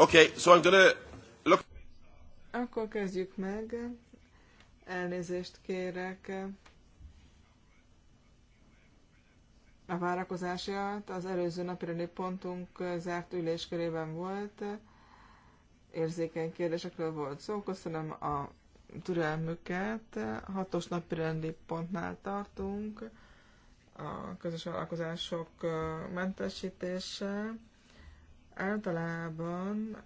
Okay, so I'm gonna look... Akkor kezdjük meg. Elnézést kérek. A várakozását az előző napirendi pontunk zárt üléskörében volt. Érzékeny kérdésekről volt szó. Köszönöm a türelmüket. Hatos napirendi pontnál tartunk. A közös vállalkozások mentesítése Általában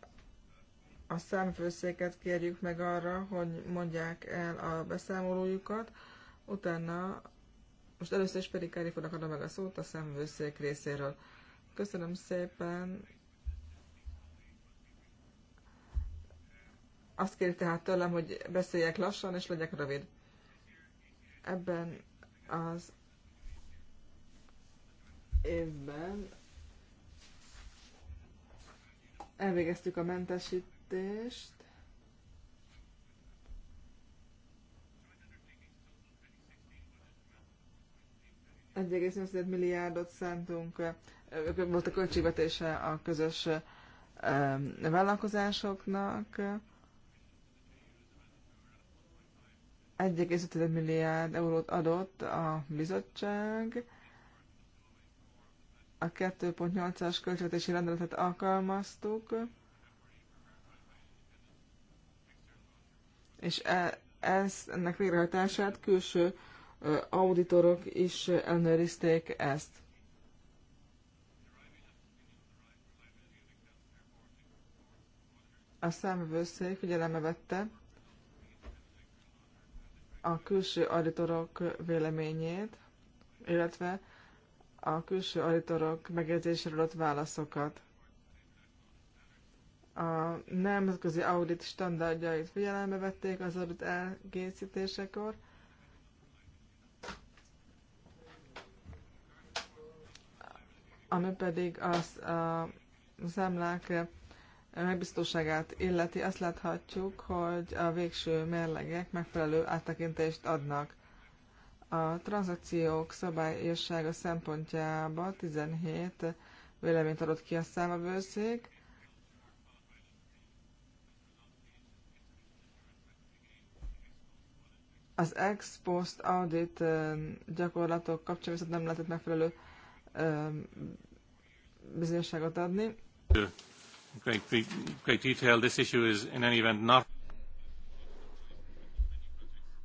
a számfőszéket kérjük meg arra, hogy mondják el a beszámolójukat, utána most először is pedig Kárifónak adom meg a szót a számfőszék részéről. Köszönöm szépen. Azt kéri tehát tőlem, hogy beszéljek lassan és legyek rövid. Ebben az évben elvégeztük a mentesítést. Egy milliárdot szántunk, volt a költségvetése a közös vállalkozásoknak. 1,5 milliárd eurót adott a bizottság, a 2.8-as költségvetési rendeletet alkalmaztuk, és e, ez, ennek végrehajtását külső auditorok is ellenőrizték ezt. A számvevőszék figyelembe vette a külső auditorok véleményét, illetve a külső auditorok megjegyzéséről adott válaszokat. A nemzetközi audit standardjait figyelembe vették az audit elkészítésekor, ami pedig az a számlák megbiztóságát illeti, azt láthatjuk, hogy a végső mérlegek megfelelő áttekintést adnak. A tranzakciók szabályossága szempontjába 17 véleményt adott ki a számvevőszék, az ex post audit gyakorlatok kapcsán viszont nem lehetett megfelelő bizonyosságot adni. Great, great detail. This issue is in any event not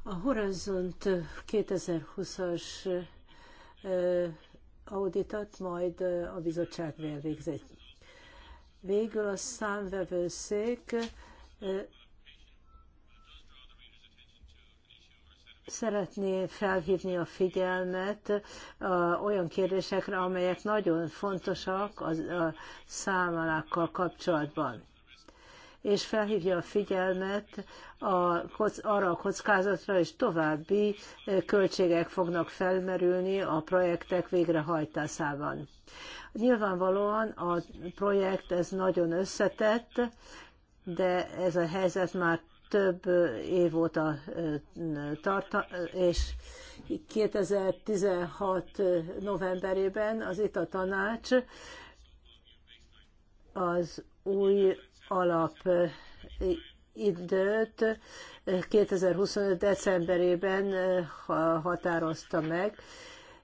a Horizont 2020-as auditat majd a bizottság végzi. Végül a számvevőszék szeretné felhívni a figyelmet olyan kérdésekre, amelyek nagyon fontosak a, a számlákkal kapcsolatban és felhívja a figyelmet a, arra a kockázatra, és további költségek fognak felmerülni a projektek végrehajtásában. Nyilvánvalóan a projekt ez nagyon összetett, de ez a helyzet már több év óta tart, és 2016 novemberében az itt a tanács az új alap időt 2025. decemberében határozta meg,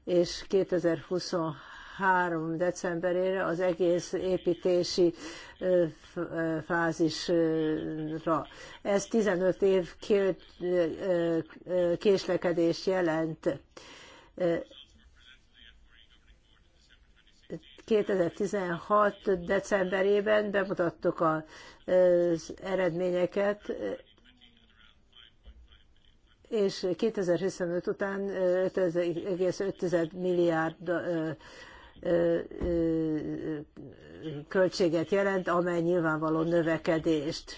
és 2023. decemberére az egész építési fázisra. Ez 15 év késlekedés jelent 2016. decemberében bemutattuk az eredményeket, és 2025 után 5,5 milliárd költséget jelent, amely nyilvánvaló növekedést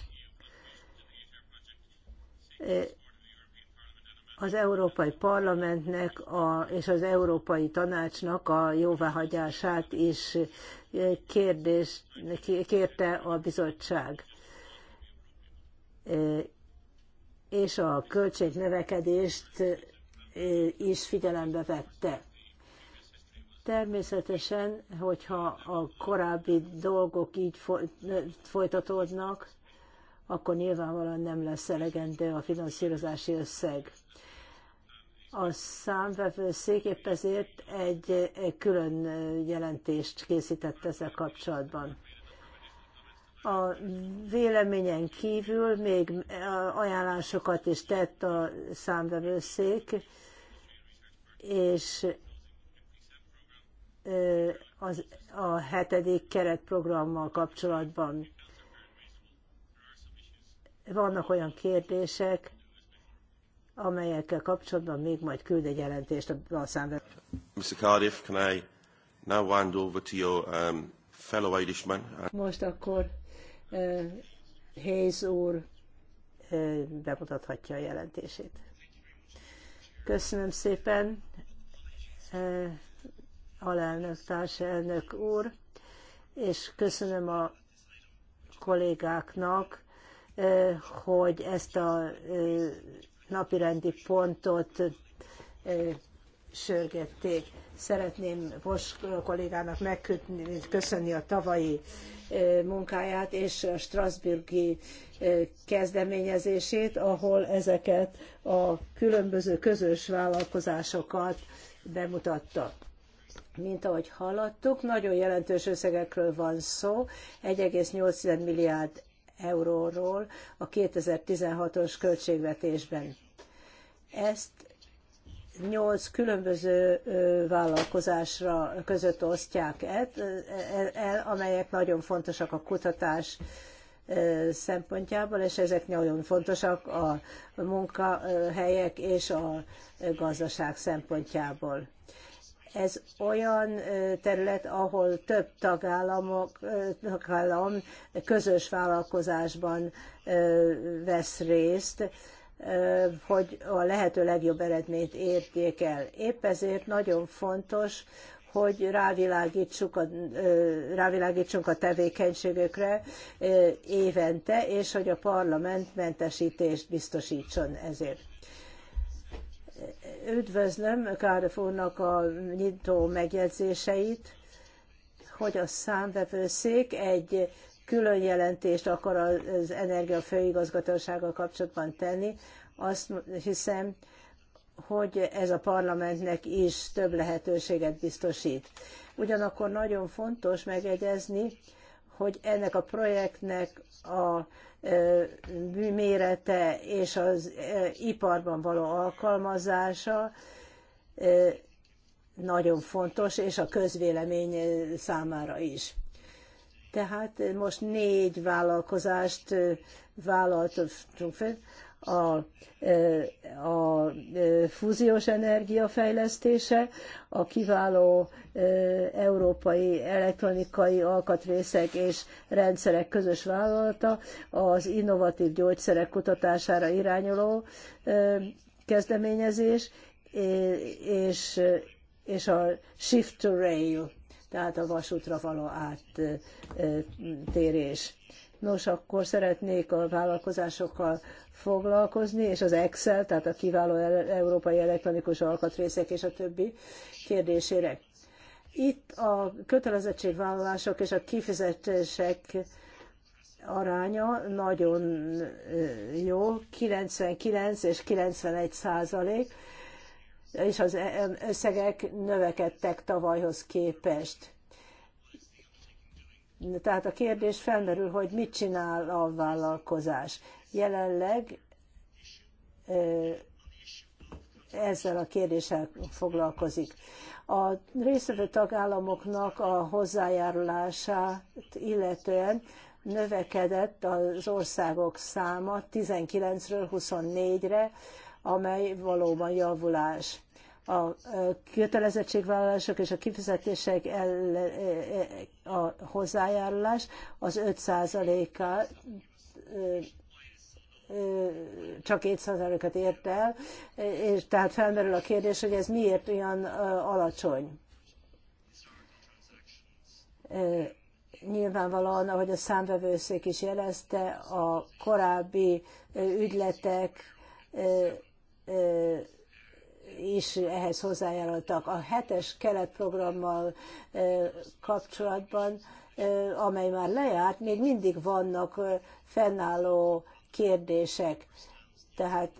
az Európai Parlamentnek a, és az Európai Tanácsnak a jóváhagyását is kérdés, kérte a bizottság. És a költségnövekedést is figyelembe vette. Természetesen, hogyha a korábbi dolgok így folytatódnak, akkor nyilvánvalóan nem lesz elegendő a finanszírozási összeg a számvevőszék épp ezért egy külön jelentést készített ezzel kapcsolatban. A véleményen kívül még ajánlásokat is tett a számvevőszék, és az, a hetedik keretprogrammal kapcsolatban. Vannak olyan kérdések, amelyekkel kapcsolatban még majd küld egy jelentést a számvevő. Mr. Cardiff, can I now hand over to your um, fellow Irishman? Most akkor uh, Hayes úr uh, bemutathatja a jelentését. Köszönöm szépen, uh, alelnök, társelnök úr, és köszönöm a kollégáknak, uh, hogy ezt a uh, napirendi pontot sörgették. Szeretném Vos kollégának megköszönni a tavalyi munkáját és a Strasburgi kezdeményezését, ahol ezeket a különböző közös vállalkozásokat bemutatta. Mint ahogy hallottuk, nagyon jelentős összegekről van szó, 1,8 milliárd euróról a 2016-os költségvetésben. Ezt nyolc különböző vállalkozásra között osztják e, el, amelyek nagyon fontosak a kutatás szempontjából, és ezek nagyon fontosak a munkahelyek és a gazdaság szempontjából. Ez olyan terület, ahol több tagállamok, tagállam közös vállalkozásban vesz részt, hogy a lehető legjobb eredményt érték el. Épp ezért nagyon fontos, hogy rávilágítsuk a, rávilágítsunk a tevékenységükre évente, és hogy a parlament mentesítést biztosítson ezért. Üdvözlöm Kárfónak a nyitó megjegyzéseit, hogy a számvevőszék egy külön jelentést akar az Energia Főigazgatósággal kapcsolatban tenni. Azt hiszem, hogy ez a parlamentnek is több lehetőséget biztosít. Ugyanakkor nagyon fontos megegyezni, hogy ennek a projektnek a mérete és az iparban való alkalmazása nagyon fontos, és a közvélemény számára is. Tehát most négy vállalkozást vállaltunk fel, a, e, a e, fúziós energia fejlesztése, a kiváló e, európai elektronikai alkatrészek és rendszerek közös vállalata, az innovatív gyógyszerek kutatására irányuló kezdeményezés, és, és a Shift to Rail, tehát a vasútra való áttérés. Nos, akkor szeretnék a vállalkozásokkal foglalkozni, és az Excel, tehát a kiváló európai elektronikus alkatrészek és a többi kérdésére. Itt a kötelezettségvállalások és a kifizetések aránya nagyon jó, 99 és 91 százalék, és az e- összegek növekedtek tavalyhoz képest. Tehát a kérdés felmerül, hogy mit csinál a vállalkozás. Jelenleg ezzel a kérdéssel foglalkozik. A részvevő tagállamoknak a hozzájárulását illetően növekedett az országok száma 19-ről 24-re, amely valóban javulás a kötelezettségvállalások és a kifizetések ellen, e, a hozzájárulás az 5 százaléka e, e, csak 7 százalékat ért el, és tehát felmerül a kérdés, hogy ez miért olyan alacsony. Nyilvánvalóan, ahogy a számvevőszék is jelezte, a korábbi ügyletek is ehhez hozzájárultak. A hetes keretprogrammal eh, kapcsolatban, eh, amely már lejárt, még mindig vannak eh, fennálló kérdések. Tehát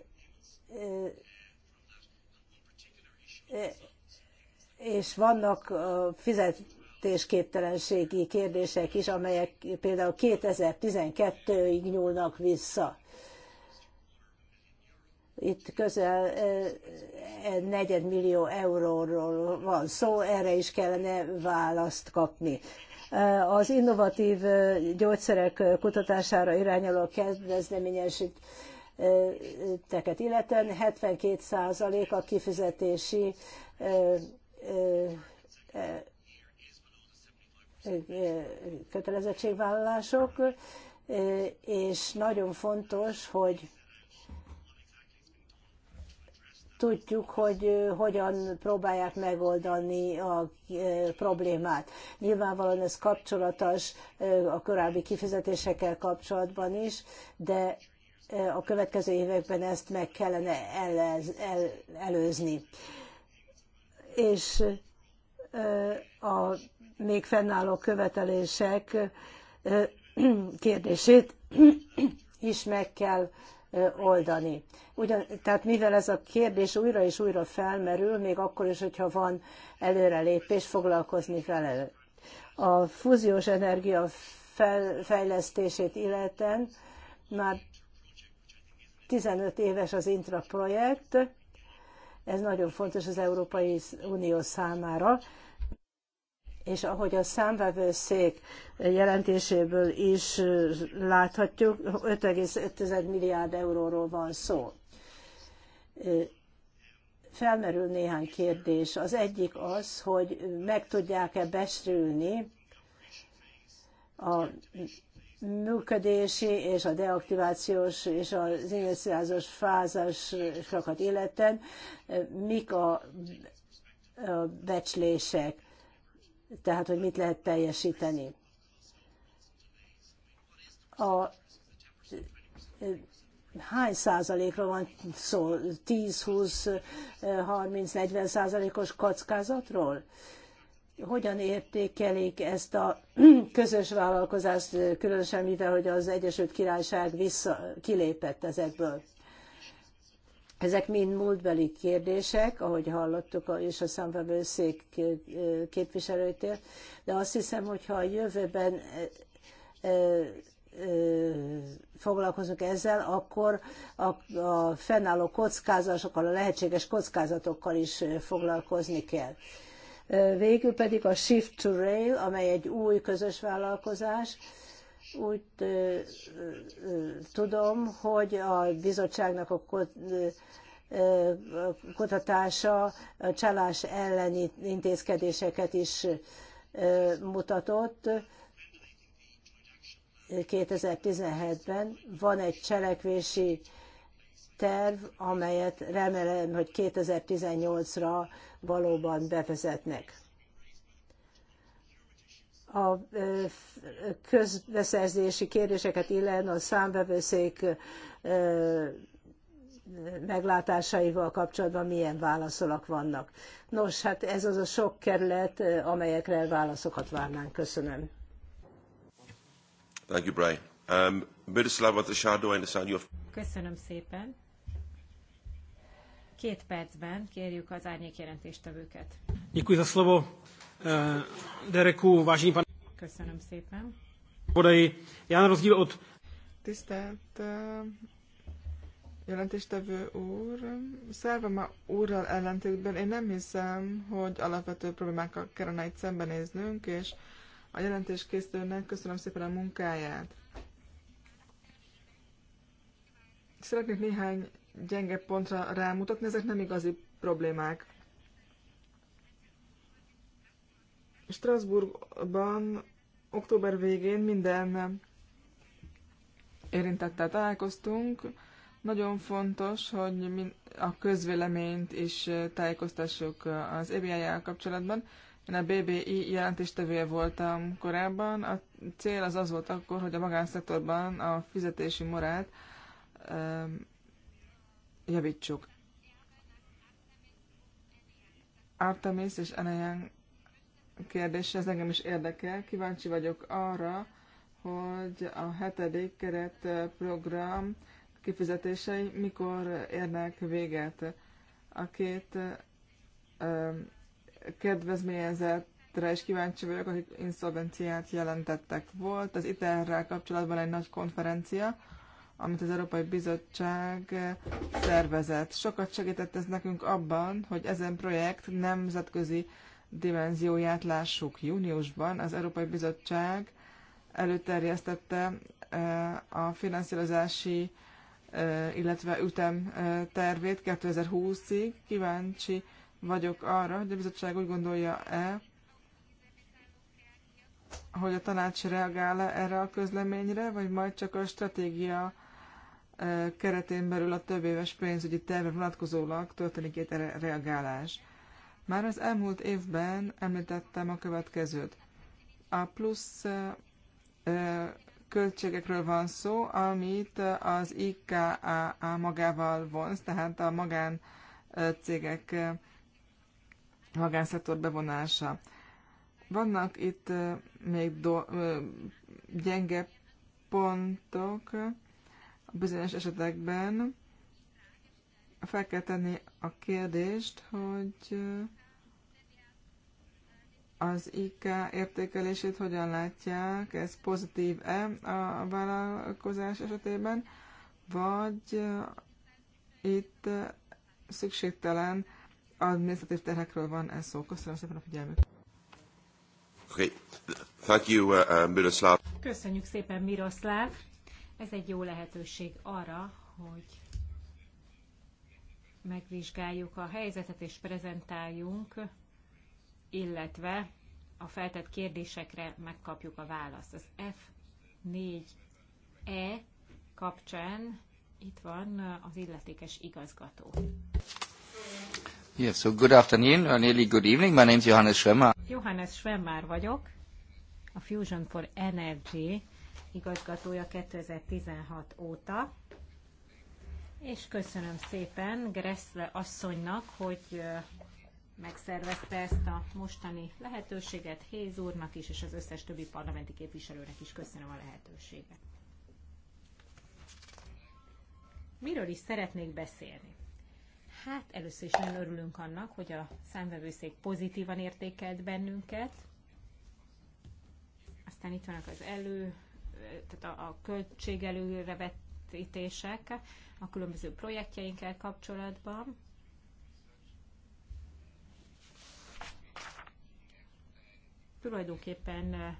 és vannak fizetésképtelenségi kérdések is, amelyek például 2012-ig nyúlnak vissza. Itt közel negyedmillió euróról van szó, erre is kellene választ kapni. Az innovatív gyógyszerek kutatására irányuló kezdeményesít teket illetően 72% a kifizetési kötelezettségvállalások, és nagyon fontos, hogy tudjuk, hogy hogyan próbálják megoldani a problémát. Nyilvánvalóan ez kapcsolatos a korábbi kifizetésekkel kapcsolatban is, de a következő években ezt meg kellene el, el, előzni. És a még fennálló követelések kérdését is meg kell oldani. Ugyan, tehát mivel ez a kérdés újra és újra felmerül, még akkor is, hogyha van előrelépés, foglalkozni vele. A fúziós energia fel, fejlesztését illeten már 15 éves az intra projekt, ez nagyon fontos az Európai Unió számára, és ahogy a számvevőszék jelentéséből is láthatjuk, 5,5 milliárd euróról van szó. Felmerül néhány kérdés. Az egyik az, hogy meg tudják-e besrülni a működési és a deaktivációs és az iniciációs fázásokat illeten, mik a becslések tehát hogy mit lehet teljesíteni. A hány százalékra van szó? 10, 20, 30, 40 százalékos kockázatról? Hogyan értékelik ezt a közös vállalkozást, különösen mivel, hogy az Egyesült Királyság vissza, kilépett ezekből? Ezek mind múltbeli kérdések, ahogy hallottuk, és a számvevőszék képviselőtől, de azt hiszem, hogy ha a jövőben foglalkozunk ezzel, akkor a, a fennálló kockázatokkal, a lehetséges kockázatokkal is foglalkozni kell. Végül pedig a Shift to Rail, amely egy új közös vállalkozás, úgy tudom, hogy a bizottságnak a kutatása a csalás elleni intézkedéseket is mutatott. 2017-ben van egy cselekvési terv, amelyet remélem, hogy 2018-ra valóban bevezetnek a közbeszerzési kérdéseket illetően a számbevőszék meglátásaival kapcsolatban milyen válaszolak vannak. Nos, hát ez az a sok kerület, amelyekre válaszokat várnánk. Köszönöm. Thank you, Brian. Um, Miroslava Tashado, I understand you Köszönöm szépen. Két percben kérjük az árnyék jelentéstevőket. Děkuji za slovo. Eh, Dereku, vážení pan... Köszönöm szépen. Podai, já na rozdíl od... Tisztelt eh, jelentéstevő úr, Szervama úrral ellentétben én nem hiszem, hogy alapvető problémákkal kellene itt szembenéznünk, és a jelentés készítőnek köszönöm szépen a munkáját. Szeretnék néhány gyenge pontra rámutatni, ezek nem igazi problémák. Strasbourgban október végén minden érintettel találkoztunk. Nagyon fontos, hogy a közvéleményt is tájékoztassuk az EBI-jel kapcsolatban. Én a BBI jelentéstevője voltam korábban. A cél az az volt akkor, hogy a magánszektorban a fizetési morált javítsuk. Artemis és Anayang kérdés, ez engem is érdekel. Kíváncsi vagyok arra, hogy a hetedik keretprogram eh, kifizetései mikor érnek véget. A két ö, eh, kedvezményezettre is kíváncsi vagyok, akik inszolvenciát jelentettek. Volt az ITER-rel kapcsolatban egy nagy konferencia, amit az Európai Bizottság eh, szervezett. Sokat segített ez nekünk abban, hogy ezen projekt nemzetközi dimenzióját lássuk. Júniusban az Európai Bizottság előterjesztette e, a finanszírozási, e, illetve ütem e, tervét 2020-ig. Kíváncsi vagyok arra, hogy a bizottság úgy gondolja-e, hogy a tanács reagál -e erre a közleményre, vagy majd csak a stratégia keretén belül a több éves pénzügyi terve vonatkozólag történik egy reagálás. Már az elmúlt évben említettem a következőt. A plusz költségekről van szó, amit az IKA magával vonz, tehát a magán cégek magánszektor bevonása. Vannak itt még do- gyenge pontok bizonyos esetekben. Fel kell tenni a kérdést, hogy az IK értékelését hogyan látják, ez pozitív-e a vállalkozás esetében, vagy itt szükségtelen administratív terhekről van ez szó. Köszönöm szépen a figyelmet. Uh, uh, Köszönjük szépen, Miroslav. Ez egy jó lehetőség arra, hogy megvizsgáljuk a helyzetet és prezentáljunk illetve a feltett kérdésekre megkapjuk a választ. Az F4E kapcsán itt van az illetékes igazgató. Yes, so good afternoon, or nearly good evening. My name is Johannes Schwemmer. Johannes Schwemmer vagyok, a Fusion for Energy igazgatója 2016 óta. És köszönöm szépen Gressle asszonynak, hogy megszervezte ezt a mostani lehetőséget. Héz úrnak is, és az összes többi parlamenti képviselőnek is köszönöm a lehetőséget. Miről is szeretnék beszélni? Hát először is nagyon örülünk annak, hogy a számvevőszék pozitívan értékelt bennünket. Aztán itt vannak az elő, tehát a, a költségelőre vetítések a különböző projektjeinkkel kapcsolatban. Tulajdonképpen eh,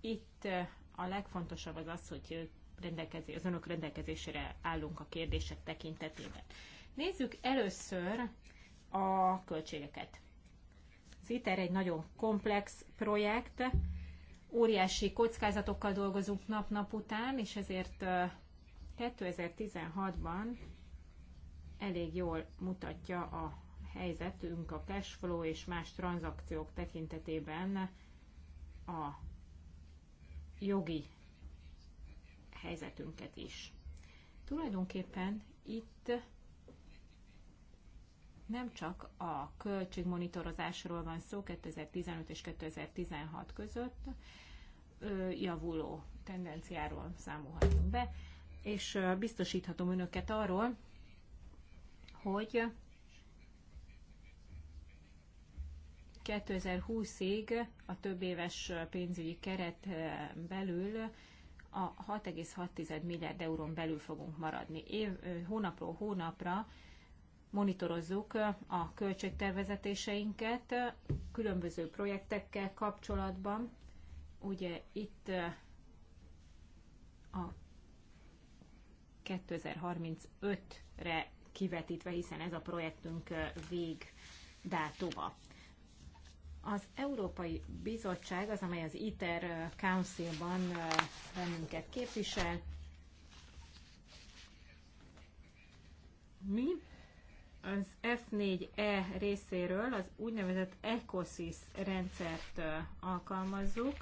itt eh, a legfontosabb az az, hogy eh, rendelkezés, az önök rendelkezésére állunk a kérdések tekintetében. Nézzük először a költségeket. Az ITER egy nagyon komplex projekt, óriási kockázatokkal dolgozunk nap-nap után, és ezért 2016-ban elég jól mutatja a helyzetünk a cashflow és más tranzakciók tekintetében a jogi helyzetünket is. Tulajdonképpen itt nem csak a költségmonitorozásról van szó 2015 és 2016 között javuló tendenciáról számolhatunk be, és biztosíthatom önöket arról, hogy 2020-ig a több éves pénzügyi keret eh, belül a 6,6 milliárd eurón belül fogunk maradni. Év, eh, hónapról hónapra monitorozzuk eh, a költségtervezetéseinket különböző projektekkel kapcsolatban. Ugye itt a 2035-re kivetítve, hiszen ez a projektünk vég dátuma. Az Európai Bizottság az, amely az ITER Council-ban bennünket képvisel. Mi az F4E részéről az úgynevezett ECOSIS rendszert alkalmazzuk.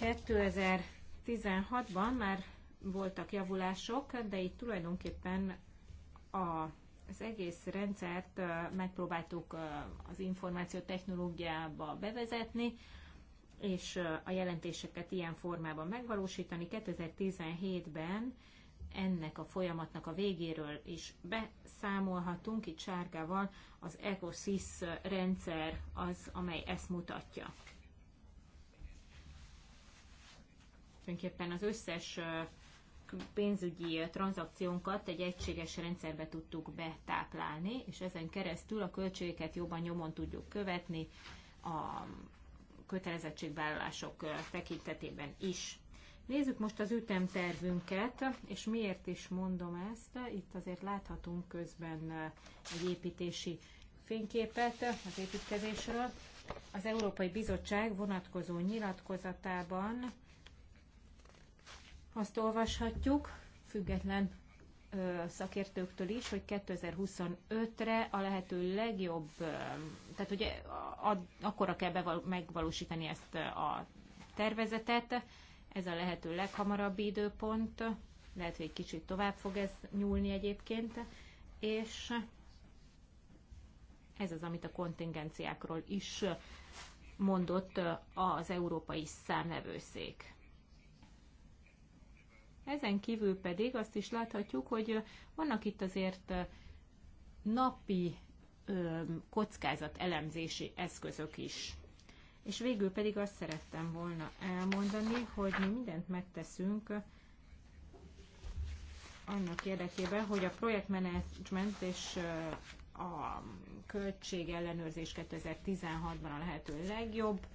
2016-ban már voltak javulások, de itt tulajdonképpen a az egész rendszert megpróbáltuk az információ technológiába bevezetni, és a jelentéseket ilyen formában megvalósítani. 2017-ben ennek a folyamatnak a végéről is beszámolhatunk, itt sárgával az EcoSys rendszer az, amely ezt mutatja. Tulajdonképpen az összes pénzügyi tranzakciónkat egy egységes rendszerbe tudtuk betáplálni, és ezen keresztül a költségeket jobban nyomon tudjuk követni a kötelezettségvállalások tekintetében is. Nézzük most az ütemtervünket, és miért is mondom ezt. Itt azért láthatunk közben eh, egy építési fényképet az építkezésről. Az Európai Bizottság vonatkozó nyilatkozatában azt olvashatjuk, független szakértőktől is, hogy 2025-re a lehető legjobb, tehát ugye akkor kell beval, megvalósítani ezt a tervezetet, ez a lehető leghamarabb időpont, lehet, hogy egy kicsit tovább fog ez nyúlni egyébként, és ez az, amit a kontingenciákról is mondott az Európai Számlevőszék. Ezen kívül pedig azt is láthatjuk, hogy vannak itt azért napi kockázat elemzési eszközök is. És végül pedig azt szerettem volna elmondani, hogy mi mindent megteszünk annak érdekében, hogy a projektmenedzsment és a költségellenőrzés 2016-ban a lehető legjobb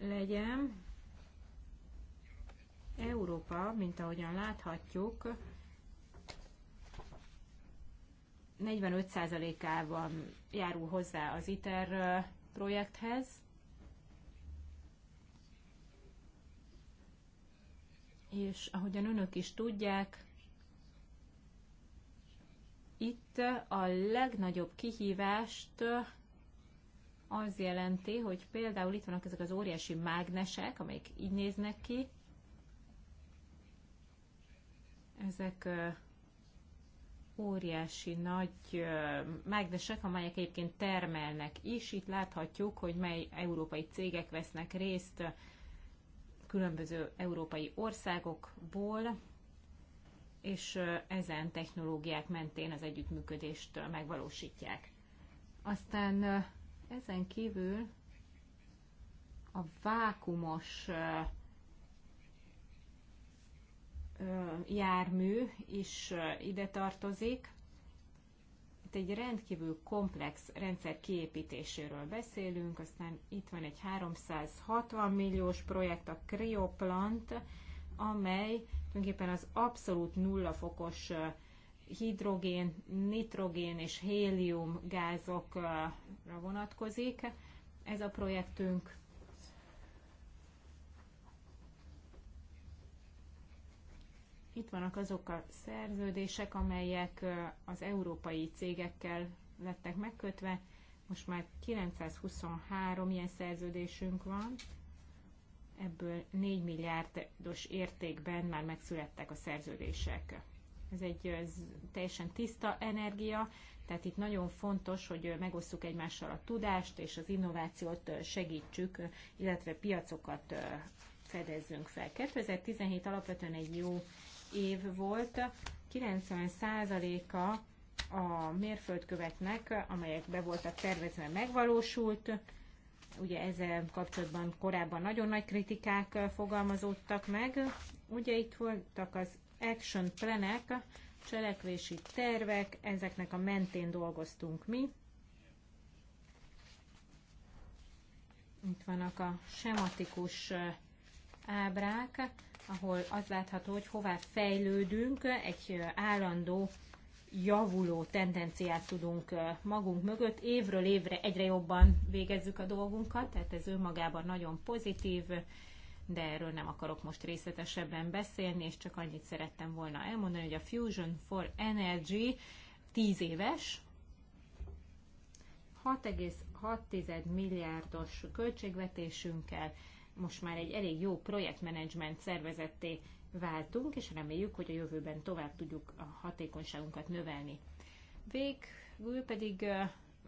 legyen, Európa, mint ahogyan láthatjuk, 45%-ában járul hozzá az ITER projekthez. És ahogyan önök is tudják, itt a legnagyobb kihívást az jelenti, hogy például itt vannak ezek az óriási mágnesek, amelyek így néznek ki, ezek óriási nagy mágnesek, amelyek egyébként termelnek is. Itt láthatjuk, hogy mely európai cégek vesznek részt különböző európai országokból, és ezen technológiák mentén az együttműködést megvalósítják. Aztán ezen kívül a vákumos jármű is ide tartozik. Itt egy rendkívül komplex rendszer kiépítéséről beszélünk, aztán itt van egy 360 milliós projekt, a Cryoplant, amely tulajdonképpen az abszolút nulla fokos hidrogén, nitrogén és hélium gázokra vonatkozik. Ez a projektünk itt vannak azok a szerződések, amelyek az európai cégekkel lettek megkötve. Most már 923 ilyen szerződésünk van, ebből 4 milliárdos értékben már megszülettek a szerződések. Ez egy ez teljesen tiszta energia, tehát itt nagyon fontos, hogy megosszuk egymással a tudást és az innovációt segítsük, illetve piacokat fedezzünk fel. 2017 alapvetően egy jó év volt, 90%-a a mérföldköveknek, amelyek be voltak tervezve, megvalósult. Ugye ezzel kapcsolatban korábban nagyon nagy kritikák fogalmazódtak meg. Ugye itt voltak az action plenek, cselekvési tervek, ezeknek a mentén dolgoztunk mi. Itt vannak a sematikus ábrák ahol az látható, hogy hová fejlődünk, egy állandó javuló tendenciát tudunk magunk mögött. Évről évre egyre jobban végezzük a dolgunkat, tehát ez önmagában nagyon pozitív, de erről nem akarok most részletesebben beszélni, és csak annyit szerettem volna elmondani, hogy a Fusion for Energy 10 éves, 6,6 milliárdos költségvetésünkkel most már egy elég jó projektmenedzsment szervezetté váltunk, és reméljük, hogy a jövőben tovább tudjuk a hatékonyságunkat növelni. Végül pedig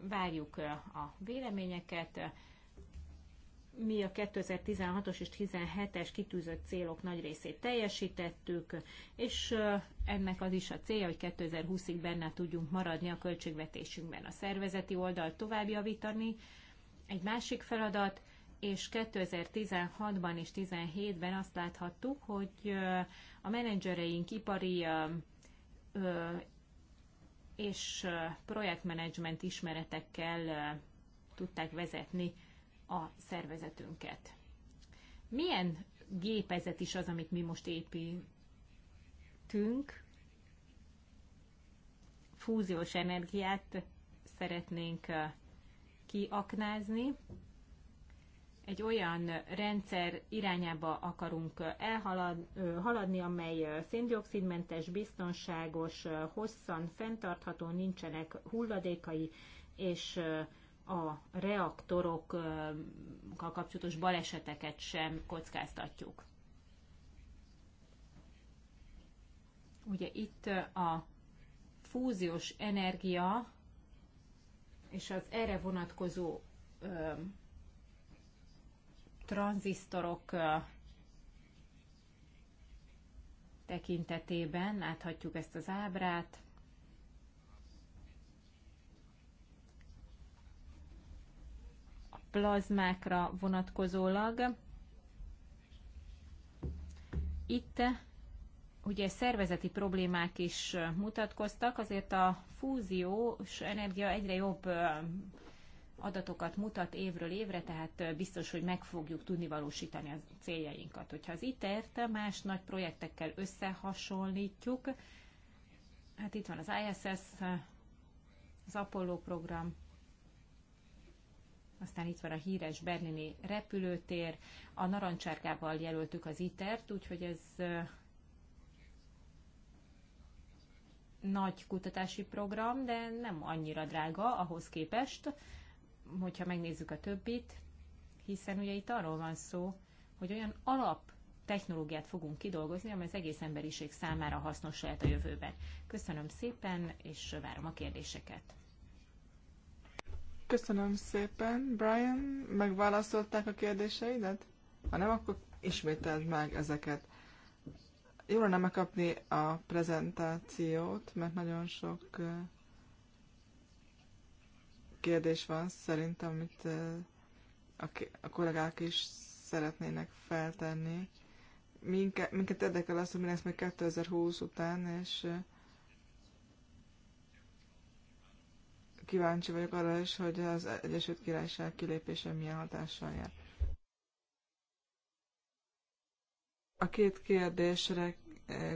várjuk a véleményeket. Mi a 2016-os és 17-es kitűzött célok nagy részét teljesítettük, és ennek az is a célja, hogy 2020-ig benne tudjunk maradni a költségvetésünkben. A szervezeti oldalt tovább javítani. Egy másik feladat, és 2016-ban és 2017-ben azt láthattuk, hogy a menedzsereink ipari és projektmenedzsment ismeretekkel tudták vezetni a szervezetünket. Milyen gépezet is az, amit mi most építünk? Fúziós energiát szeretnénk kiaknázni, egy olyan rendszer irányába akarunk elhaladni, amely széndiokszidmentes, biztonságos, hosszan fenntartható, nincsenek hulladékai, és a reaktorokkal kapcsolatos baleseteket sem kockáztatjuk. Ugye itt a fúziós energia és az erre vonatkozó tranzisztorok tekintetében láthatjuk ezt az ábrát. A plazmákra vonatkozólag. Itt ugye szervezeti problémák is mutatkoztak, azért a fúziós energia egyre jobb adatokat mutat évről évre, tehát biztos, hogy meg fogjuk tudni valósítani a céljainkat. Hogyha az ITER-t e más nagy projektekkel összehasonlítjuk, hát itt van az ISS, az Apollo program, aztán itt van a híres berlini repülőtér, a narancsárkával jelöltük az ITER-t, e úgyhogy ez nagy kutatási program, de nem annyira drága ahhoz képest, hogyha megnézzük a többit, hiszen ugye itt arról van szó, hogy olyan alap technológiát fogunk kidolgozni, amely az egész emberiség számára hasznos lehet a jövőben. Köszönöm szépen, és várom a kérdéseket. Köszönöm szépen, Brian. Megválaszolták a kérdéseidet? Ha nem, akkor ismételd meg ezeket. Jól nem megkapni a prezentációt, mert nagyon sok kérdés van szerintem, amit a kollégák is szeretnének feltenni. Minket, minket érdekel az, hogy mi lesz még 2020 után, és kíváncsi vagyok arra is, hogy az Egyesült Királyság kilépése milyen hatással jár. A két kérdésre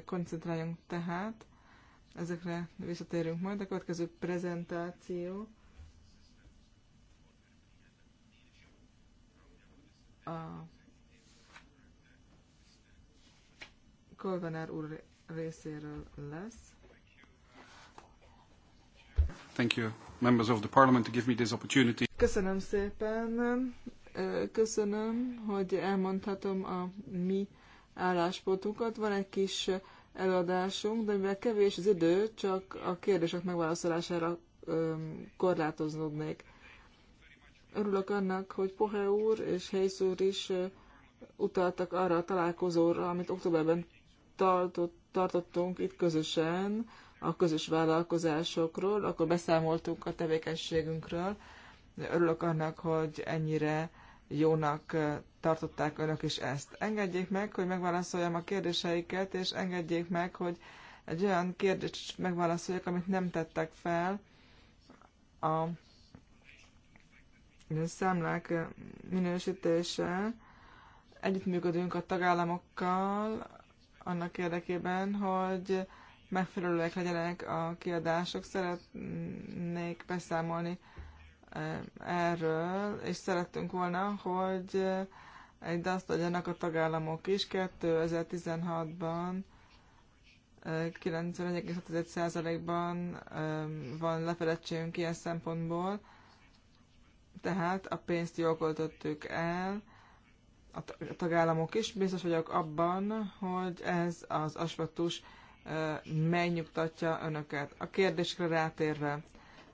koncentráljunk tehát, ezekre visszatérünk majd. A következő prezentáció a Kolvenár úr részéről lesz. Thank you, members of the parliament, to give me this opportunity. Köszönöm szépen, köszönöm, hogy elmondhatom a mi álláspontunkat. Van egy kis előadásunk, de mivel kevés az idő, csak a kérdések megválaszolására korlátoznodnék. Örülök annak, hogy Pohe úr és Hész úr is utaltak arra a találkozóra, amit októberben tartott, tartottunk itt közösen, a közös vállalkozásokról, akkor beszámoltunk a tevékenységünkről. Örülök annak, hogy ennyire jónak tartották önök is ezt. Engedjék meg, hogy megválaszoljam a kérdéseiket, és engedjék meg, hogy egy olyan kérdést megválaszoljak, amit nem tettek fel a számlák minősítése. Együttműködünk a tagállamokkal annak érdekében, hogy megfelelőek legyenek a kiadások. Szeretnék beszámolni erről, és szerettünk volna, hogy egy azt adjanak a tagállamok is. 2016-ban 91,6%-ban van lefedettségünk ilyen szempontból, tehát a pénzt jól költöttük el, a tagállamok is. Biztos vagyok abban, hogy ez az aspektus megnyugtatja önöket. A kérdésre rátérve,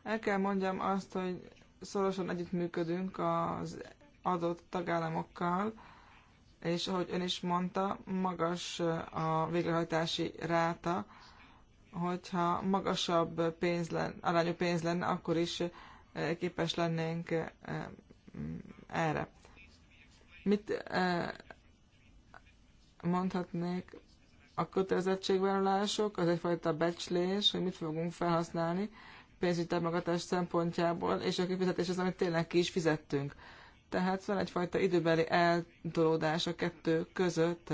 el kell mondjam azt, hogy szorosan együttműködünk az adott tagállamokkal, és ahogy ön is mondta, magas a végrehajtási ráta, hogyha magasabb pénz lenne, arányú pénz lenne, akkor is képes lennénk eh, erre. Mit eh, mondhatnék a kötelezettségvállalások, az egyfajta becslés, hogy mit fogunk felhasználni pénzügyi támogatás szempontjából, és a kifizetés az, amit tényleg ki is fizettünk. Tehát van egyfajta időbeli eltolódás a kettő között,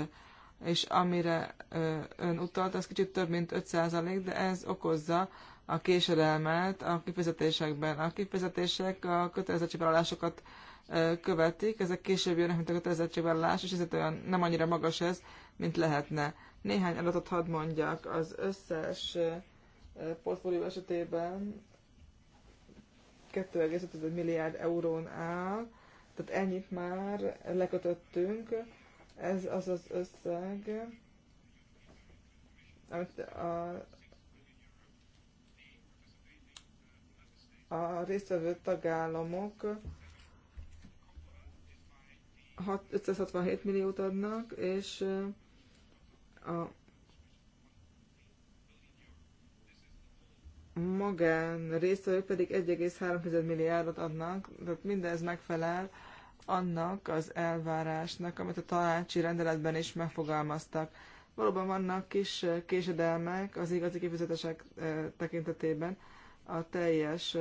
és amire eh, ön utalt, az kicsit több, mint 5%, de ez okozza a késedelmet a kifizetésekben. A kifizetések a kötelezettségvállalásokat követik, ezek később jönnek, mint a kötelezettségvállalás, és ezért olyan nem annyira magas ez, mint lehetne. Néhány adatot hadd mondjak. Az összes portfólió esetében 2,5 milliárd eurón áll, tehát ennyit már lekötöttünk. Ez az az összeg, amit a a résztvevő tagállamok 567 milliót adnak, és a magán résztvevők pedig 1,3 milliárdot adnak, tehát mindez megfelel annak az elvárásnak, amit a tanácsi rendeletben is megfogalmaztak. Valóban vannak kis késedelmek az igazi kifizetések tekintetében, a teljes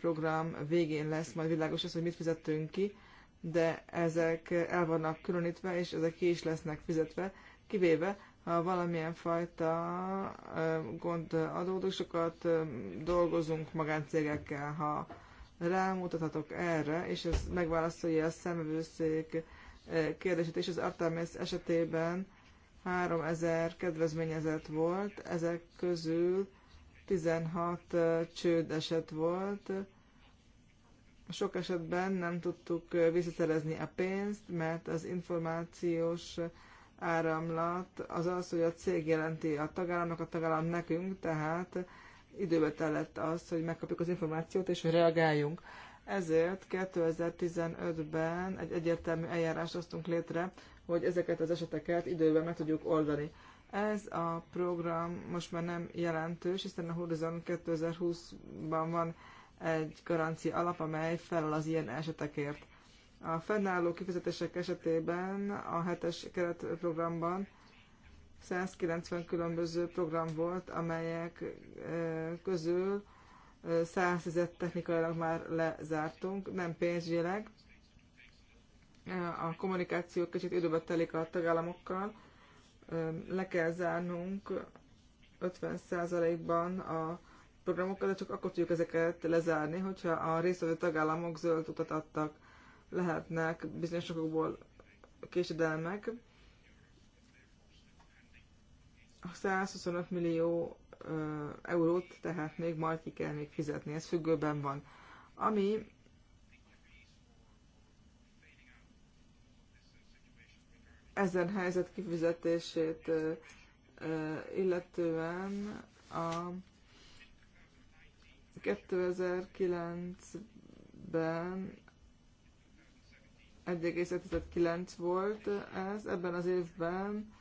program végén lesz majd világos az, hogy mit fizettünk ki, de ezek el vannak különítve, és ezek ki is lesznek fizetve, kivéve, ha valamilyen fajta gond adódik, sokat dolgozunk magáncégekkel, ha rámutathatok erre, és ez megválaszolja a szemvőszék kérdését, és az Artemis esetében 3000 kedvezményezett volt, ezek közül 16 csőd eset volt. Sok esetben nem tudtuk visszaszerezni a pénzt, mert az információs áramlat az az, hogy a cég jelenti a tagállamnak, a tagállam nekünk, tehát időbe telett az, hogy megkapjuk az információt és hogy reagáljunk. Ezért 2015-ben egy egyértelmű eljárást hoztunk létre, hogy ezeket az eseteket időben meg tudjuk oldani. Ez a program most már nem jelentős, hiszen a Horizon 2020-ban van egy garancia alap, amely felel az ilyen esetekért. A fennálló kifizetések esetében a hetes keretprogramban 190 különböző program volt, amelyek közül 100 technikailag már lezártunk, nem pénzügyileg. A kommunikáció kicsit időbe telik a tagállamokkal, le kell zárnunk 50%-ban a programokat, de csak akkor tudjuk ezeket lezárni, hogyha a résztvevő tagállamok zöld utat adtak, lehetnek bizonyos okokból késedelmek. 125 millió eurót, tehát még majd ki kell még fizetni, ez függőben van. Ami ezen helyzet kifizetését illetően a 2009-ben 1,9 volt ez, ebben az évben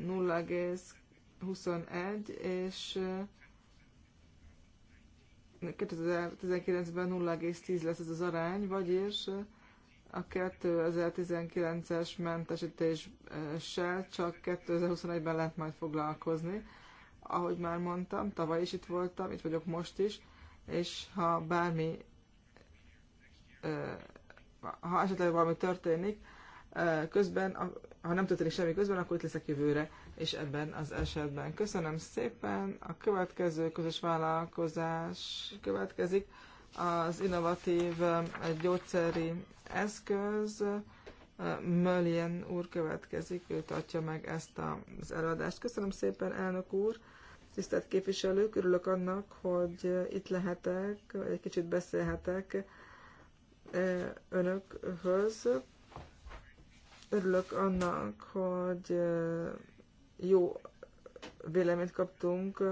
0,21, és 2019-ben 0,10 lesz ez az arány, vagyis a 2019-es mentesítéssel csak 2021-ben lehet majd foglalkozni. Ahogy már mondtam, tavaly is itt voltam, itt vagyok most is, és ha bármi, ha esetleg valami történik, közben, ha nem történik semmi közben, akkor itt leszek jövőre, és ebben az esetben. Köszönöm szépen, a következő közös vállalkozás következik az innovatív um, gyógyszeri eszköz. Uh, Möljen úr következik, ő tartja meg ezt az előadást. Köszönöm szépen, elnök úr! Tisztelt képviselők, örülök annak, hogy itt lehetek, egy kicsit beszélhetek eh, önökhöz. Örülök annak, hogy eh, jó véleményt kaptunk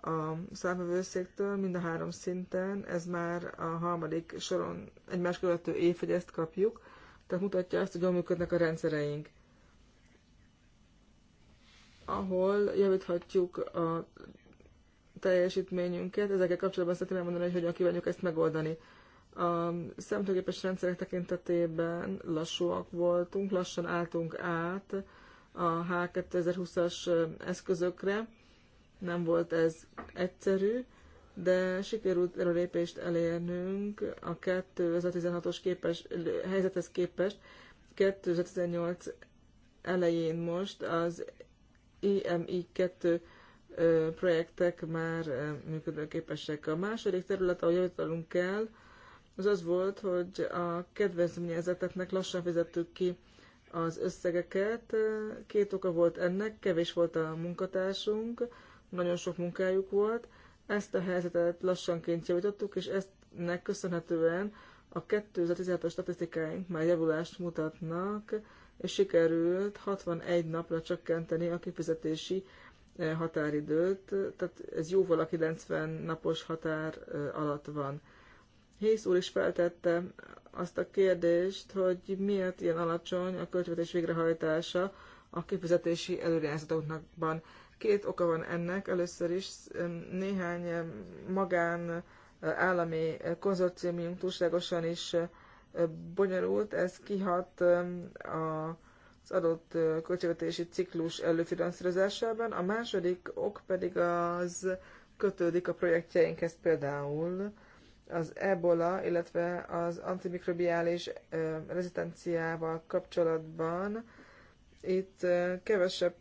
a számvevőszéktől mind a három szinten, ez már a harmadik soron egymás követő év, hogy ezt kapjuk, tehát mutatja azt, hogy jól működnek a rendszereink ahol javíthatjuk a teljesítményünket. Ezekkel kapcsolatban szeretném elmondani, hogy hogyan kívánjuk ezt megoldani. A szemtőképes rendszerek tekintetében lassúak voltunk, lassan álltunk át a H2020-as eszközökre, nem volt ez egyszerű, de sikerült előrépést elérnünk a 2016-os képes, helyzethez képest. 2018 elején most az IMI e 2 projektek már működőképesek. A második terület, ahol javítanunk kell, az az volt, hogy a kedvezményezeteknek lassan fizettük ki az összegeket. Két oka volt ennek, kevés volt a munkatársunk, nagyon sok munkájuk volt. Ezt a helyzetet lassanként javítottuk, és eztnek köszönhetően a 2016-os statisztikáink már javulást mutatnak, és sikerült 61 napra csökkenteni a kifizetési eh, határidőt, tehát ez jóval a 90 napos határ eh, alatt van. Hész úr is feltette azt a kérdést, hogy miért ilyen alacsony a költségvetés végrehajtása a kifizetési előrejelzatoknakban. Két oka van ennek. Először is néhány magán állami konzorcium túlságosan is bonyolult, ez kihat az adott költségvetési ciklus előfinanszírozásában. A második ok pedig az kötődik a projektjeinkhez például az ebola, illetve az antimikrobiális rezidenciával kapcsolatban itt kevesebb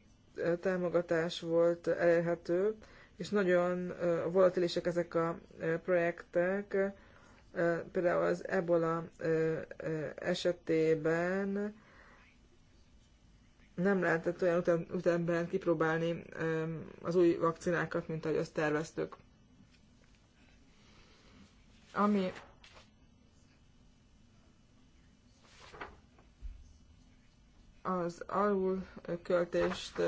támogatás volt elérhető, és nagyon volatilisek ezek a projektek. Például az ebola esetében nem lehetett olyan ütemben kipróbálni az új vakcinákat, mint ahogy azt terveztük. Ami az alul költést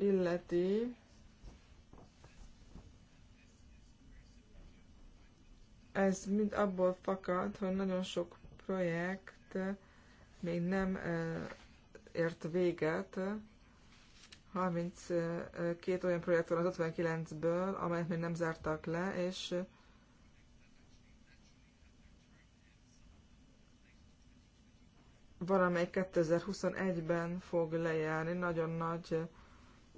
illeti, ez mind abból fakad, hogy nagyon sok projekt még nem ért véget. 32 olyan projekt van az 59-ből, amelyet még nem zártak le, és valamely 2021-ben fog lejárni. Nagyon nagy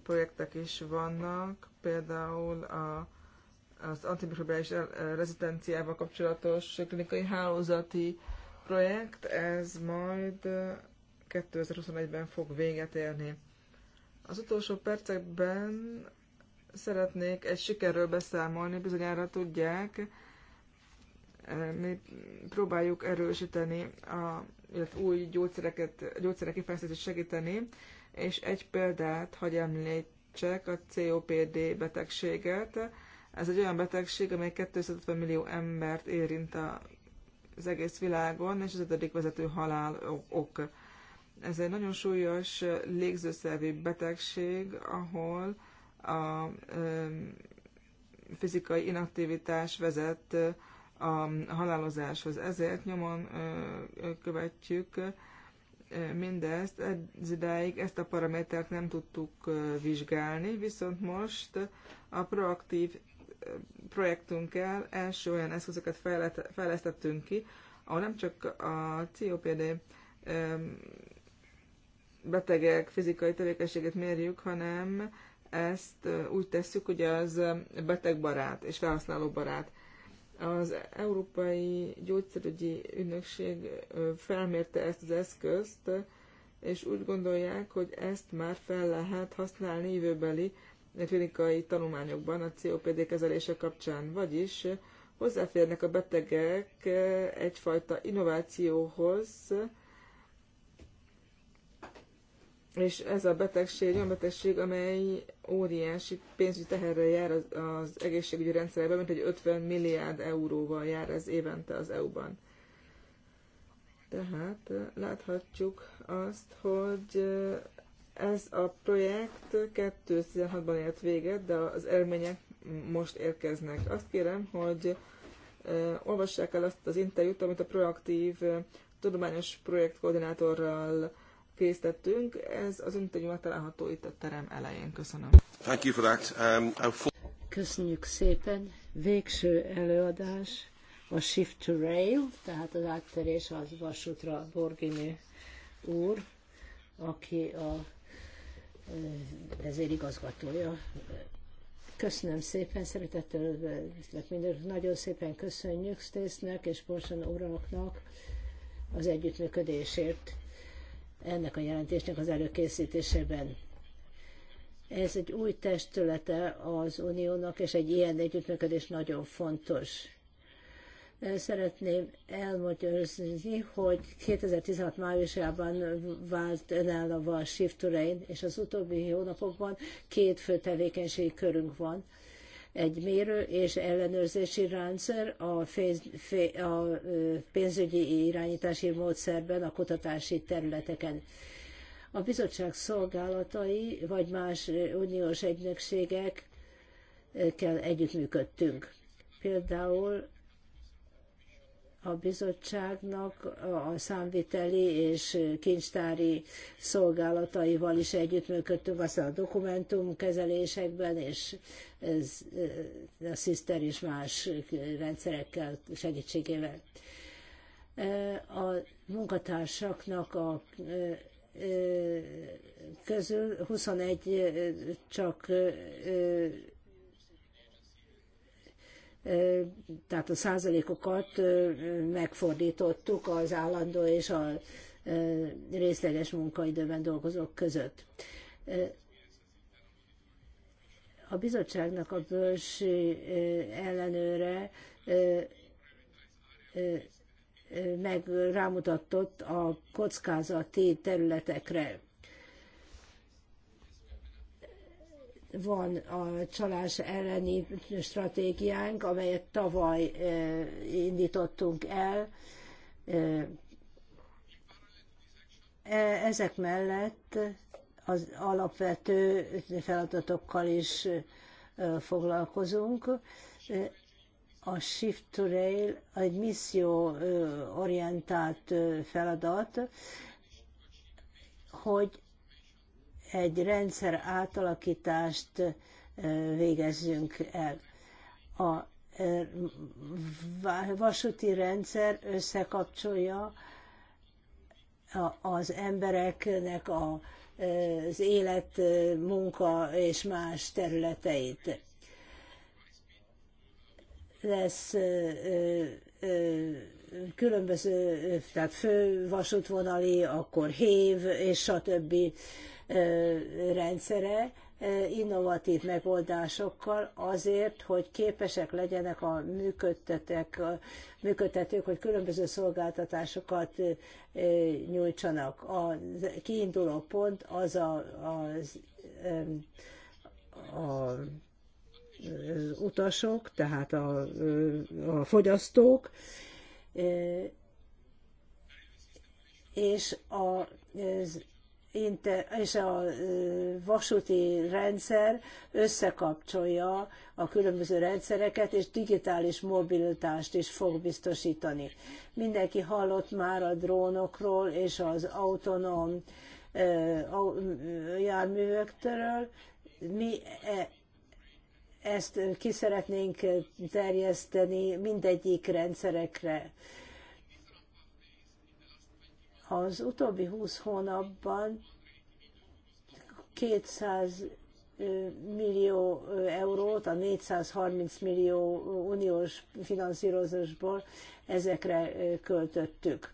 projektek is vannak, például a, az antimikrobiális rezidenciával kapcsolatos klinikai hálózati projekt, ez majd 2021-ben fog véget érni. Az utolsó percekben szeretnék egy sikerről beszámolni, bizonyára tudják, eh, mi próbáljuk erősíteni a illetve új gyógyszereket, gyógyszerek kifejlesztését segíteni, és egy példát hogy említsek, a COPD betegséget. Ez egy olyan betegség, amely 250 millió embert érint a, az egész világon, és az ötödik vezető halál ok. Ez egy nagyon súlyos légzőszervi betegség, ahol a ö, fizikai inaktivitás vezet a halálozáshoz. Ezért nyomon követjük mindezt. Ez idáig ezt a paramétert nem tudtuk vizsgálni, viszont most a proaktív projektünkkel első olyan eszközöket fejlesztettünk ki, ahol nem csak a COPD betegek fizikai tevékenységet mérjük, hanem ezt úgy tesszük, hogy az betegbarát és felhasználóbarát. Az Európai Gyógyszerügyi Ügynökség felmérte ezt az eszközt, és úgy gondolják, hogy ezt már fel lehet használni jövőbeli klinikai tanulmányokban a COPD kezelése kapcsán. Vagyis hozzáférnek a betegek egyfajta innovációhoz, és ez a betegség olyan betegség, amely óriási pénzügyi teherrel jár az, az egészségügyi rendszerben, mint egy 50 milliárd euróval jár ez évente az EU-ban. Tehát láthatjuk azt, hogy ez a projekt 2016-ban ért véget, de az eredmények most érkeznek. Azt kérem, hogy olvassák el azt az interjút, amit a proaktív tudományos projektkoordinátorral készítettünk. Ez az interjú található itt a terem elején. Köszönöm. Thank you for that. Um, for... Köszönjük szépen. Végső előadás a Shift to Rail, tehát az átterés az vasútra Borgini úr, aki a eh, ezért igazgatója. Köszönöm szépen, szeretettel üdvözlök mindenkit. Nagyon szépen köszönjük Stésznek és Borsan uraknak az együttműködésért ennek a jelentésnek az előkészítésében. Ez egy új testülete az Uniónak, és egy ilyen együttműködés nagyon fontos. Szeretném elmagyarázni, hogy 2016 májusában vált önállóval Shift és az utóbbi hónapokban két fő tevékenységi körünk van egy mérő és ellenőrzési rendszer a, fé, a pénzügyi irányítási módszerben a kutatási területeken. A bizottság szolgálatai vagy más uniós egynökségek kell együttműködtünk. Például a bizottságnak a számviteli és kincstári szolgálataival is együttműködtünk, aztán a dokumentumkezelésekben és a Sister és más rendszerekkel segítségével. A munkatársaknak a közül 21 csak tehát a százalékokat megfordítottuk az állandó és a részleges munkaidőben dolgozók között a bizottságnak a bölcsi ellenőre meg rámutatott a kockázati területekre. Van a csalás elleni stratégiánk, amelyet tavaly indítottunk el. E, ezek mellett az alapvető feladatokkal is foglalkozunk. A Shift to Rail egy orientált feladat, hogy egy rendszer átalakítást végezzünk el. A vasúti rendszer összekapcsolja az embereknek a az élet, munka és más területeit. Lesz különböző, tehát vasútvonali, akkor hév és stb. rendszere, innovatív megoldásokkal azért, hogy képesek legyenek a működtetek, működtetők, hogy különböző szolgáltatásokat nyújtsanak. A kiinduló pont az a, az, a az utasok, tehát a, a fogyasztók, és a, az és a vasúti rendszer összekapcsolja a különböző rendszereket, és digitális mobilitást is fog biztosítani. Mindenki hallott már a drónokról és az autonóm járművektől. Mi e, ezt ki szeretnénk terjeszteni mindegyik rendszerekre az utóbbi 20 hónapban 200 millió eurót, a 430 millió uniós finanszírozásból ezekre költöttük.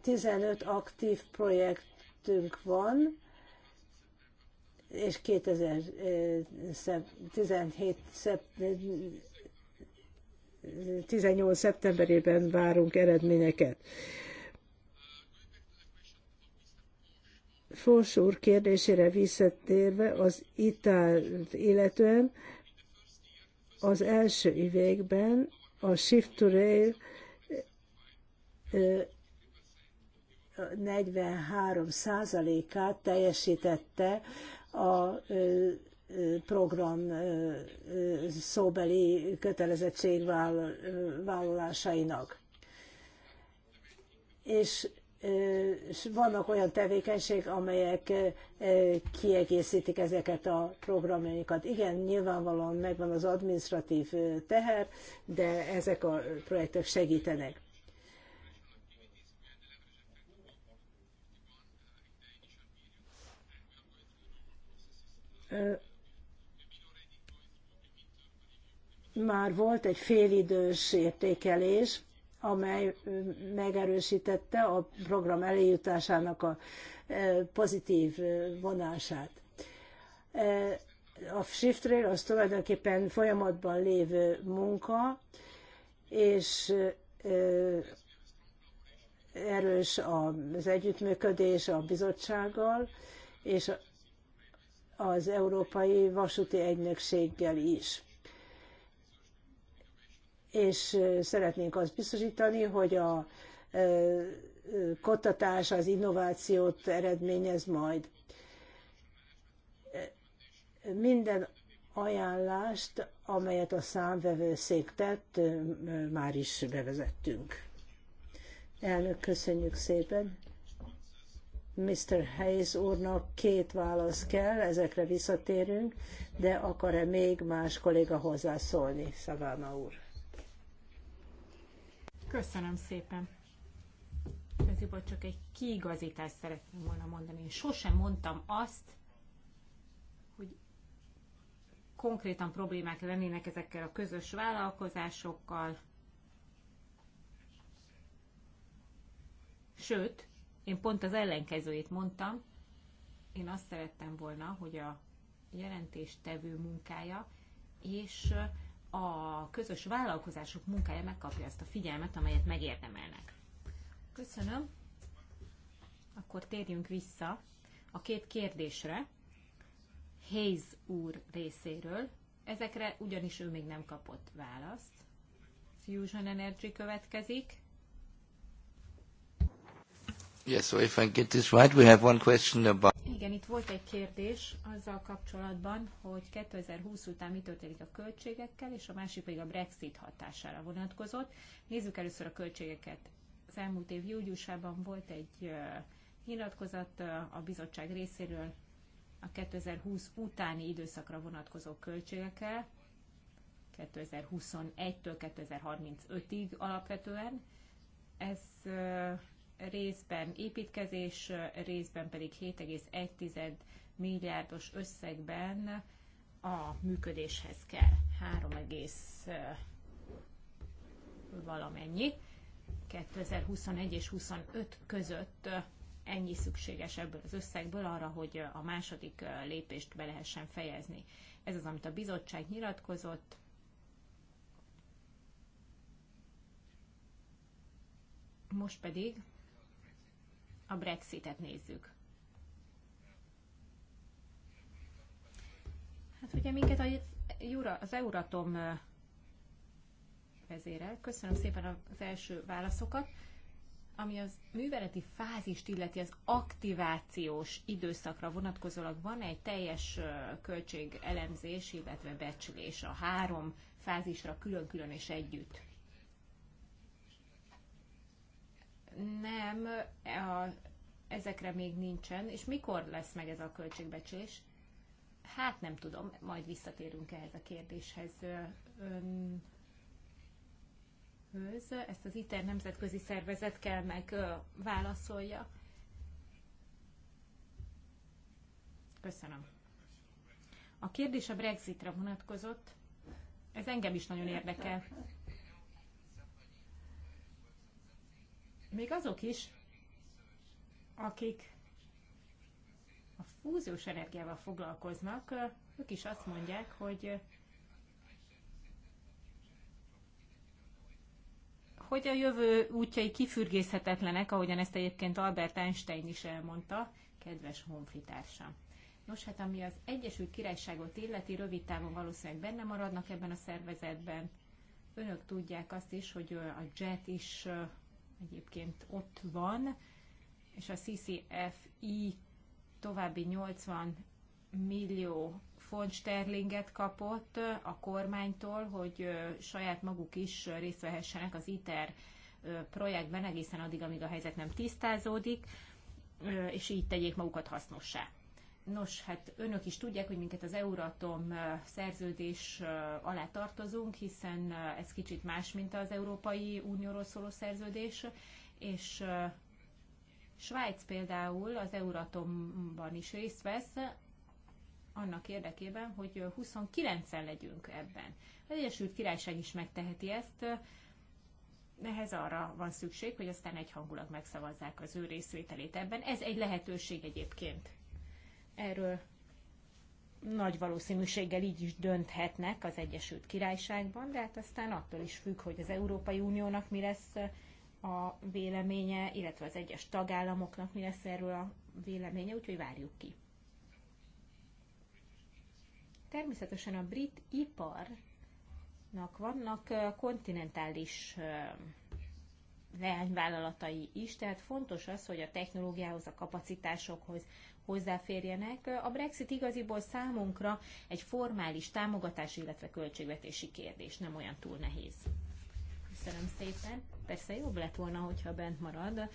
15 aktív projektünk van, és 2017. 18. szeptemberében várunk eredményeket. Fors úr kérdésére visszatérve az itált illetően az első években a Shift to Rail 43 százalékát teljesítette a program szóbeli kötelezettségvállalásainak. És vannak olyan tevékenységek, amelyek kiegészítik ezeket a programjainkat. Igen, nyilvánvalóan megvan az administratív teher, de ezek a projektek segítenek. már volt egy félidős értékelés, amely megerősítette a program eljutásának a e, pozitív e, vonását. E, a Shift Rail az tulajdonképpen folyamatban lévő munka, és erős az együttműködés a bizottsággal, és az Európai Vasúti Egynökséggel is és szeretnénk azt biztosítani, hogy a kutatás az innovációt eredményez majd. Minden ajánlást, amelyet a számvevőszék tett, már is bevezettünk. Elnök, köszönjük szépen. Mr. Hayes úrnak két válasz kell, ezekre visszatérünk, de akar-e még más kolléga hozzászólni, Szavána úr? Köszönöm szépen. Igaziból csak egy kiigazítást szeretném volna mondani. Én sosem mondtam azt, hogy konkrétan problémák lennének ezekkel a közös vállalkozásokkal. Sőt, én pont az ellenkezőjét mondtam. Én azt szerettem volna, hogy a jelentéstevő munkája és a közös vállalkozások munkája megkapja ezt a figyelmet, amelyet megérdemelnek. Köszönöm. Akkor térjünk vissza a két kérdésre Hayes úr részéről. Ezekre ugyanis ő még nem kapott választ. Fusion Energy következik. Yes, so if I get this right, we have one question about... Igen, itt volt egy kérdés azzal kapcsolatban, hogy 2020 után mi történik a költségekkel, és a másik pedig a Brexit hatására vonatkozott. Nézzük először a költségeket. Az elmúlt év júliusában volt egy nyilatkozat a bizottság részéről a 2020 utáni időszakra vonatkozó költségekkel, 2021-től 2035-ig alapvetően. Ez részben építkezés, részben pedig 7,1 milliárdos összegben a működéshez kell. 3, valamennyi. 2021 és 25 között ennyi szükséges ebből az összegből arra, hogy a második lépést be lehessen fejezni. Ez az, amit a bizottság nyilatkozott. Most pedig a Brexitet nézzük. Hát ugye minket a, az Euratom vezérel. Köszönöm szépen az első válaszokat. Ami az műveleti fázist illeti, az aktivációs időszakra vonatkozólag van egy teljes költségelemzés, illetve becsülés a három fázisra külön-külön és együtt. nem, a, ezekre még nincsen, és mikor lesz meg ez a költségbecsés? Hát nem tudom, majd visszatérünk ehhez a kérdéshez ön Höz. Ezt az ITER nemzetközi szervezet kell meg válaszolja. Köszönöm. A kérdés a Brexitre vonatkozott. Ez engem is nagyon érdekel. Még azok is, akik a fúziós energiával foglalkoznak, ők is azt mondják, hogy hogy a jövő útjai kifürgészhetetlenek, ahogyan ezt egyébként Albert Einstein is elmondta, kedves honfitársam. Nos, hát ami az Egyesült Királyságot illeti, rövid távon valószínűleg benne maradnak ebben a szervezetben. Önök tudják azt is, hogy a JET is egyébként ott van, és a CCFI további 80 millió font sterlinget kapott a kormánytól, hogy saját maguk is részt vehessenek az ITER projektben egészen addig, amíg a helyzet nem tisztázódik, és így tegyék magukat hasznossá. Nos, hát önök is tudják, hogy minket az Euratom szerződés alá tartozunk, hiszen ez kicsit más, mint az Európai Unióról szóló szerződés, és Svájc például az Euratomban is részt vesz, annak érdekében, hogy 29-en legyünk ebben. Az Egyesült Királyság is megteheti ezt, ehhez arra van szükség, hogy aztán egy hangulat megszavazzák az ő részvételét ebben. Ez egy lehetőség egyébként erről nagy valószínűséggel így is dönthetnek az Egyesült Királyságban, de hát aztán attól is függ, hogy az Európai Uniónak mi lesz eh, a véleménye, illetve az egyes tagállamoknak mi lesz erről a véleménye, úgyhogy várjuk ki. Természetesen a brit iparnak vannak eh, kontinentális eh, leányvállalatai is, tehát fontos az, hogy a technológiához, a kapacitásokhoz, hozzáférjenek. A Brexit igaziból számunkra egy formális támogatás, illetve költségvetési kérdés, nem olyan túl nehéz. Köszönöm szépen. Persze jobb lett volna, hogyha bent marad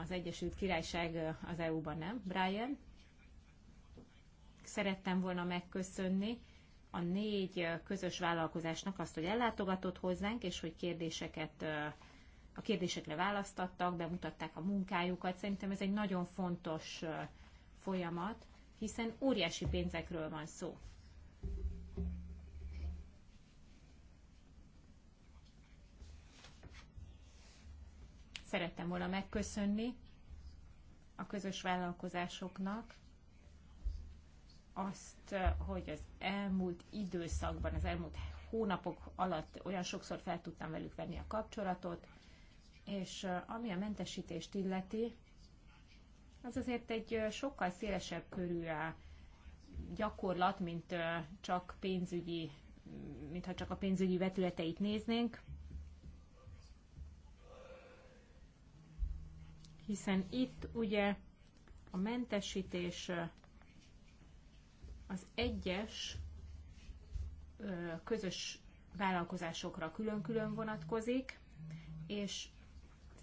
az Egyesült Királyság az EU-ban, nem? Brian? Szerettem volna megköszönni a négy közös vállalkozásnak azt, hogy ellátogatott hozzánk, és hogy kérdéseket a kérdésekre választattak, bemutatták a munkájukat. Szerintem ez egy nagyon fontos folyamat, hiszen óriási pénzekről van szó. Szerettem volna megköszönni a közös vállalkozásoknak azt, hogy az elmúlt időszakban, az elmúlt hónapok alatt olyan sokszor fel tudtam velük venni a kapcsolatot, és ami a mentesítést illeti, az azért egy sokkal szélesebb körű gyakorlat, mint csak pénzügyi, mintha csak a pénzügyi vetületeit néznénk. Hiszen itt ugye a mentesítés az egyes közös vállalkozásokra külön-külön vonatkozik, és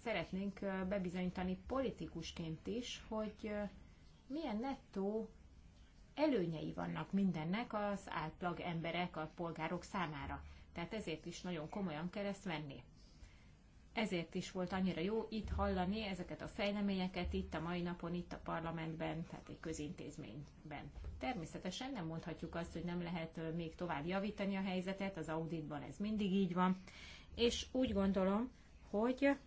szeretnénk bebizonyítani politikusként is, hogy milyen nettó előnyei vannak mindennek az átlag emberek, a polgárok számára. Tehát ezért is nagyon komolyan kell ezt venni. Ezért is volt annyira jó itt hallani ezeket a fejleményeket, itt a mai napon, itt a parlamentben, tehát egy közintézményben. Természetesen nem mondhatjuk azt, hogy nem lehet még tovább javítani a helyzetet, az auditban ez mindig így van, és úgy gondolom, hogy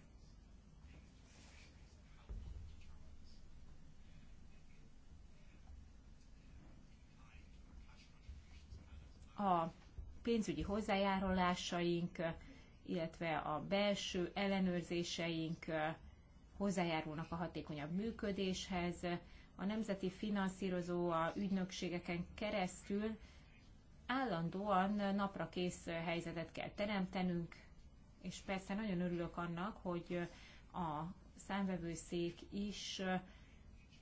a pénzügyi hozzájárulásaink, illetve a belső ellenőrzéseink hozzájárulnak a hatékonyabb működéshez. A nemzeti finanszírozó a ügynökségeken keresztül állandóan napra kész helyzetet kell teremtenünk, és persze nagyon örülök annak, hogy a számvevőszék is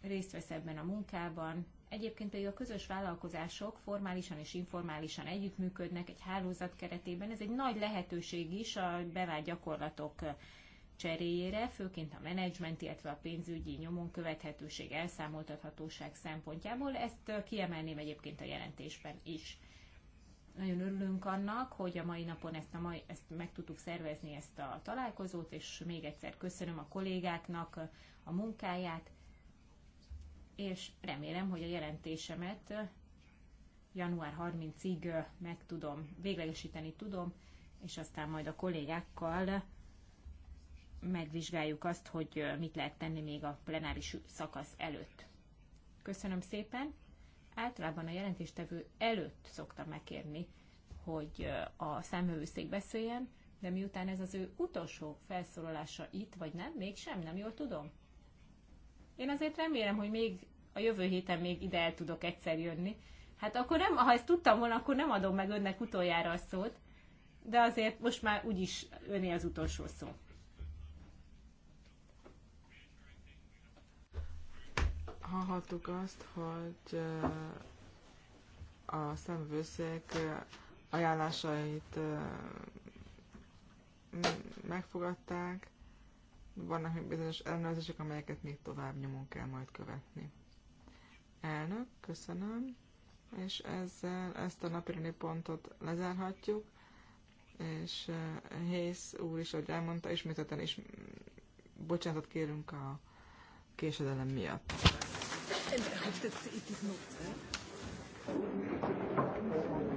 részt vesz ebben a munkában, Egyébként pedig a közös vállalkozások formálisan és informálisan együttműködnek egy hálózat keretében. Ez egy nagy lehetőség is a bevált gyakorlatok cseréjére, főként a menedzsment, illetve a pénzügyi nyomon követhetőség, elszámoltathatóság szempontjából. Ezt kiemelném egyébként a jelentésben is. Nagyon örülünk annak, hogy a mai napon ezt, a mai, ezt meg tudtuk szervezni ezt a találkozót, és még egyszer köszönöm a kollégáknak a munkáját, és remélem, hogy a jelentésemet január 30-ig meg tudom, véglegesíteni tudom, és aztán majd a kollégákkal megvizsgáljuk azt, hogy mit lehet tenni még a plenáris szakasz előtt. Köszönöm szépen! Általában a jelentéstevő előtt szoktam megkérni, hogy a számövőszék beszéljen, de miután ez az ő utolsó felszólalása itt, vagy nem, mégsem, nem jól tudom. Én azért remélem, hogy még a jövő héten még ide el tudok egyszer jönni. Hát akkor nem, ha ezt tudtam volna, akkor nem adom meg önnek utoljára a szót, de azért most már úgyis öné az utolsó szó. Hallhattuk azt, hogy eh, a szemvőszék eh, ajánlásait eh, megfogadták, vannak még bizonyos ellenőrzések, amelyeket még tovább nyomon kell majd követni. Elnök, köszönöm, és ezzel ezt a napirendi pontot lezárhatjuk, és eh, Hész úr is, ahogy elmondta, ismételten is bocsánatot kérünk a késedelem miatt. Köszönöm. is eh?